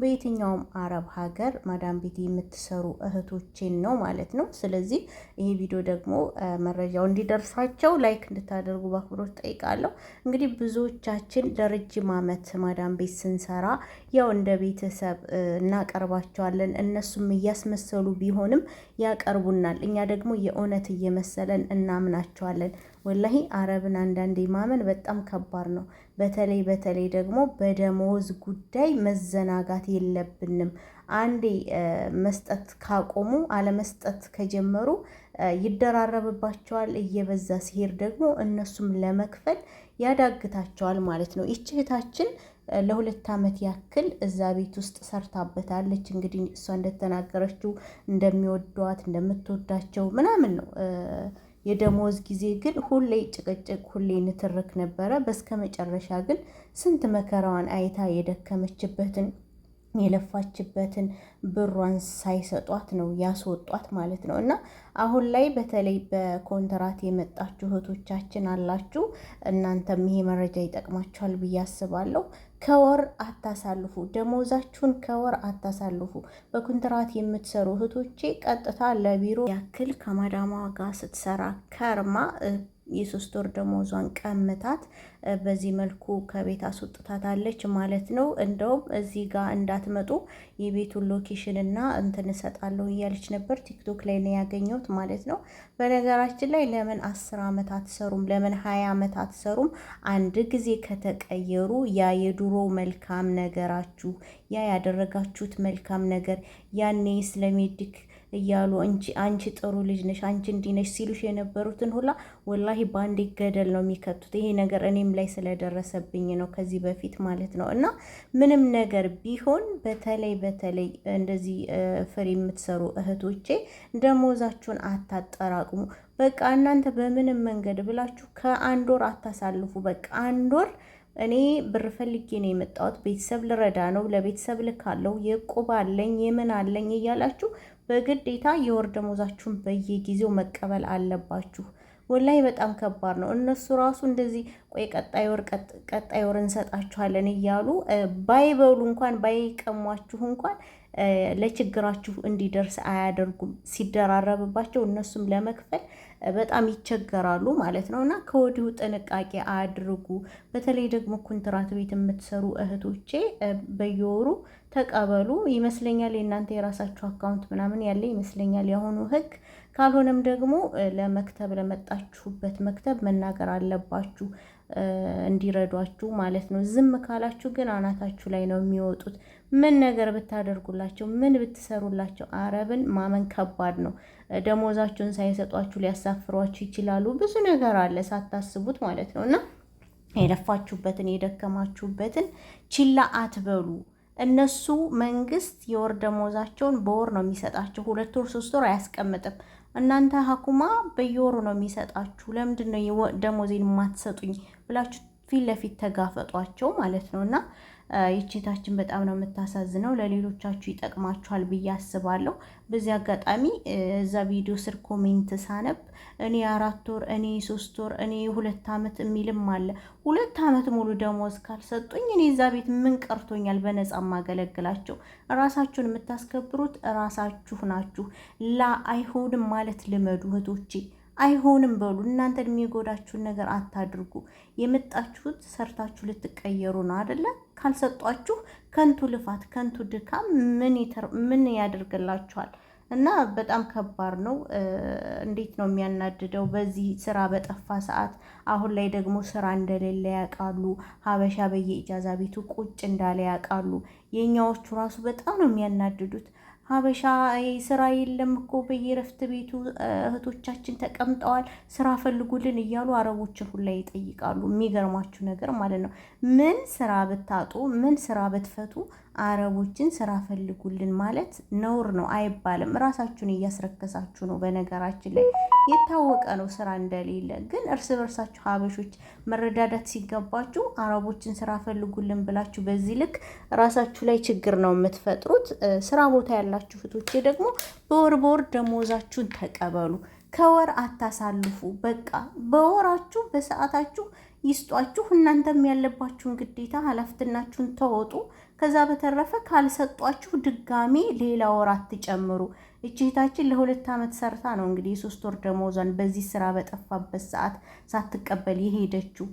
በየትኛውም አረብ ሀገር ማዳም ቤት የምትሰሩ እህቶቼን ነው ማለት ነው። ስለዚህ ይሄ ቪዲዮ ደግሞ መረጃው እንዲደርሳቸው ላይክ እንድታደርጉ በአክብሮት ጠይቃለሁ። እንግዲህ ብዙዎቻችን ለረጅም ዓመት ማዳም ቤት ስንሰራ ያው እንደ ቤተሰብ እናቀርባቸዋለን። እነሱም እያስመሰሉ ቢሆንም ያቀርቡናል። እኛ ደግሞ የእውነት እየመሰለን እናምናቸዋለን። ወላሂ አረብን አንዳንዴ ማመን በጣም ከባድ ነው። በተለይ በተለይ ደግሞ በደሞዝ ጉዳይ መዘናጋት የለብንም። አንዴ መስጠት ካቆሙ አለመስጠት ከጀመሩ ይደራረብባቸዋል። እየበዛ ሲሄድ ደግሞ እነሱም ለመክፈል ያዳግታቸዋል ማለት ነው። ይች እህታችን ለሁለት ዓመት ያክል እዛ ቤት ውስጥ ሰርታበታለች። እንግዲህ እሷ እንደተናገረችው እንደሚወዷት እንደምትወዳቸው ምናምን ነው የደሞዝ ጊዜ ግን ሁሌ ጭቅጭቅ፣ ሁሌ ንትርክ ነበረ። በስከ መጨረሻ ግን ስንት መከራዋን አይታ የደከመችበትን የለፋችበትን ብሯን ሳይሰጧት ነው ያስወጧት ማለት ነው። እና አሁን ላይ በተለይ በኮንትራት የመጣችሁ እህቶቻችን አላችሁ፣ እናንተም ይሄ መረጃ ይጠቅማችኋል ብዬ አስባለሁ። ከወር አታሳልፉ፣ ደሞዛችሁን ከወር አታሳልፉ። በኮንትራት የምትሰሩ እህቶቼ ቀጥታ ለቢሮ ያክል ከማዳማ ጋር ስትሰራ ከርማ የሶስት ወር ደሞዟን ቀምታት በዚህ መልኩ ከቤት አስወጥታታለች ማለት ነው። እንደውም እዚህ ጋር እንዳትመጡ የቤቱን ሎኬሽን እና እንትን እሰጣለሁ እያለች ነበር። ቲክቶክ ላይ ነው ያገኘሁት ማለት ነው። በነገራችን ላይ ለምን አስር ዓመት አትሰሩም? ለምን ሀያ ዓመት አትሰሩም? አንድ ጊዜ ከተቀየሩ ያ የድሮ መልካም ነገራችሁ ያ ያደረጋችሁት መልካም ነገር ያኔ ስለሜድክ እያሉ አንቺ ጥሩ ልጅ ነሽ፣ አንቺ እንዲህ ነሽ ሲሉሽ የነበሩትን ሁላ ወላሂ በአንድ ገደል ነው የሚከቱት። ይሄ ነገር እኔም ላይ ስለደረሰብኝ ነው ከዚህ በፊት ማለት ነው። እና ምንም ነገር ቢሆን በተለይ በተለይ እንደዚህ ፍሬ የምትሰሩ እህቶቼ ደሞዛችሁን አታጠራቅሙ። በቃ እናንተ በምንም መንገድ ብላችሁ ከአንድ ወር አታሳልፉ። በቃ አንድ ወር እኔ ብር ፈልጌ ነው የመጣሁት፣ ቤተሰብ ልረዳ ነው፣ ለቤተሰብ ልካለው የቁብ አለኝ የምን አለኝ እያላችሁ በግዴታ የወር ደሞዛችሁን በየጊዜው መቀበል አለባችሁ። ወላይ በጣም ከባድ ነው። እነሱ ራሱ እንደዚህ ቆይ ቀጣይ ወር ቀጣይ ወር እንሰጣችኋለን እያሉ ባይበሉ እንኳን ባይቀሟችሁ እንኳን ለችግራችሁ እንዲደርስ አያደርጉም። ሲደራረብባቸው እነሱም ለመክፈል በጣም ይቸገራሉ ማለት ነው። እና ከወዲሁ ጥንቃቄ አድርጉ። በተለይ ደግሞ ኮንትራት ቤት የምትሰሩ እህቶቼ በየወሩ ተቀበሉ። ይመስለኛል የእናንተ የራሳችሁ አካውንት ምናምን ያለ ይመስለኛል ያሁኑ ህግ ካልሆነም ደግሞ ለመክተብ ለመጣችሁበት መክተብ መናገር አለባችሁ እንዲረዷችሁ ማለት ነው። ዝም ካላችሁ ግን አናታችሁ ላይ ነው የሚወጡት። ምን ነገር ብታደርጉላቸው፣ ምን ብትሰሩላቸው፣ አረብን ማመን ከባድ ነው። ደሞዛችሁን ሳይሰጧችሁ ሊያሳፍሯችሁ ይችላሉ። ብዙ ነገር አለ ሳታስቡት ማለት ነው እና የለፋችሁበትን የደከማችሁበትን ችላ አትበሉ። እነሱ መንግስት የወር ደሞዛቸውን በወር ነው የሚሰጣቸው። ሁለት ወር ሶስት ወር አያስቀምጥም። እናንተ ሀኩማ በየወሩ ነው የሚሰጣችሁ። ለምንድን ነው ደሞዜን የማትሰጡኝ ብላችሁ ፊት ለፊት ተጋፈጧቸው ማለት ነው እና ይችታችን በጣም ነው የምታሳዝነው። ለሌሎቻችሁ ይጠቅማችኋል ብዬ አስባለሁ። በዚህ አጋጣሚ እዛ ቪዲዮ ስር ኮሜንት ሳነብ እኔ አራት ወር እኔ ሶስት ወር እኔ ሁለት ዓመት የሚልም አለ። ሁለት ዓመት ሙሉ ደሞዝ ካልሰጡኝ እኔ እዛ ቤት ምን ቀርቶኛል? በነጻ ማገለግላቸው። ራሳችሁን የምታስከብሩት ራሳችሁ ናችሁ። ላ አይሆንም ማለት ልመዱ እህቶቼ። አይሆንም በሉ እናንተ የሚጎዳችሁን ነገር አታድርጉ። የመጣችሁት ሰርታችሁ ልትቀየሩ ነው አደለ? ካልሰጧችሁ ከንቱ ልፋት፣ ከንቱ ድካም ምን ያደርግላችኋል? እና በጣም ከባድ ነው። እንዴት ነው የሚያናድደው! በዚህ ስራ በጠፋ ሰዓት፣ አሁን ላይ ደግሞ ስራ እንደሌለ ያውቃሉ። ሀበሻ በየእጃዛ ቤቱ ቁጭ እንዳለ ያውቃሉ። የእኛዎቹ ራሱ በጣም ነው የሚያናድዱት። ሀበሻ ስራ የለም እኮ በየረፍት ቤቱ እህቶቻችን ተቀምጠዋል፣ ስራ ፈልጉልን እያሉ አረቦችን ሁላ ይጠይቃሉ። የሚገርማችሁ ነገር ማለት ነው። ምን ስራ ብታጡ፣ ምን ስራ ብትፈቱ፣ አረቦችን ስራ ፈልጉልን ማለት ነውር ነው አይባልም። ራሳችሁን እያስረከሳችሁ ነው በነገራችን ላይ የታወቀ ነው ስራ እንደሌለ። ግን እርስ በርሳችሁ ሀበሾች መረዳዳት ሲገባችሁ አረቦችን ስራ ፈልጉልን ብላችሁ በዚህ ልክ ራሳችሁ ላይ ችግር ነው የምትፈጥሩት። ስራ ቦታ ያላችሁ ፍቶቼ ደግሞ በወር በወር ደሞዛችሁን ተቀበሉ። ከወር አታሳልፉ። በቃ በወራችሁ በሰዓታችሁ ይስጧችሁ። እናንተም ያለባችሁን ግዴታ ኃላፊነታችሁን ተወጡ። ከዛ በተረፈ ካልሰጧችሁ ድጋሜ ሌላ ወር አትጨምሩ። እችታችን ለሁለት ዓመት ሰርታ ነው እንግዲህ የሶስት ወር ደመወዟን በዚህ ስራ በጠፋበት ሰዓት ሳትቀበል የሄደችው።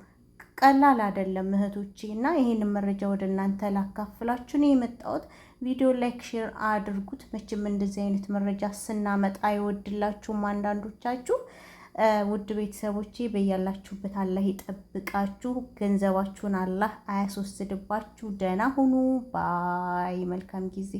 ቀላል አይደለም እህቶቼ፣ እና ይህን መረጃ ወደ እናንተ ላካፍላችሁ ነው የመጣሁት። ቪዲዮ ላይክ፣ ሼር አድርጉት። መቼም እንደዚህ አይነት መረጃ ስናመጣ አይወድላችሁም አንዳንዶቻችሁ ውድ ቤተሰቦቼ በያላችሁበት አላህ ይጠብቃችሁ፣ ገንዘባችሁን አላህ አያስወስድባችሁ። ደህና ሁኑ ባይ። መልካም ጊዜ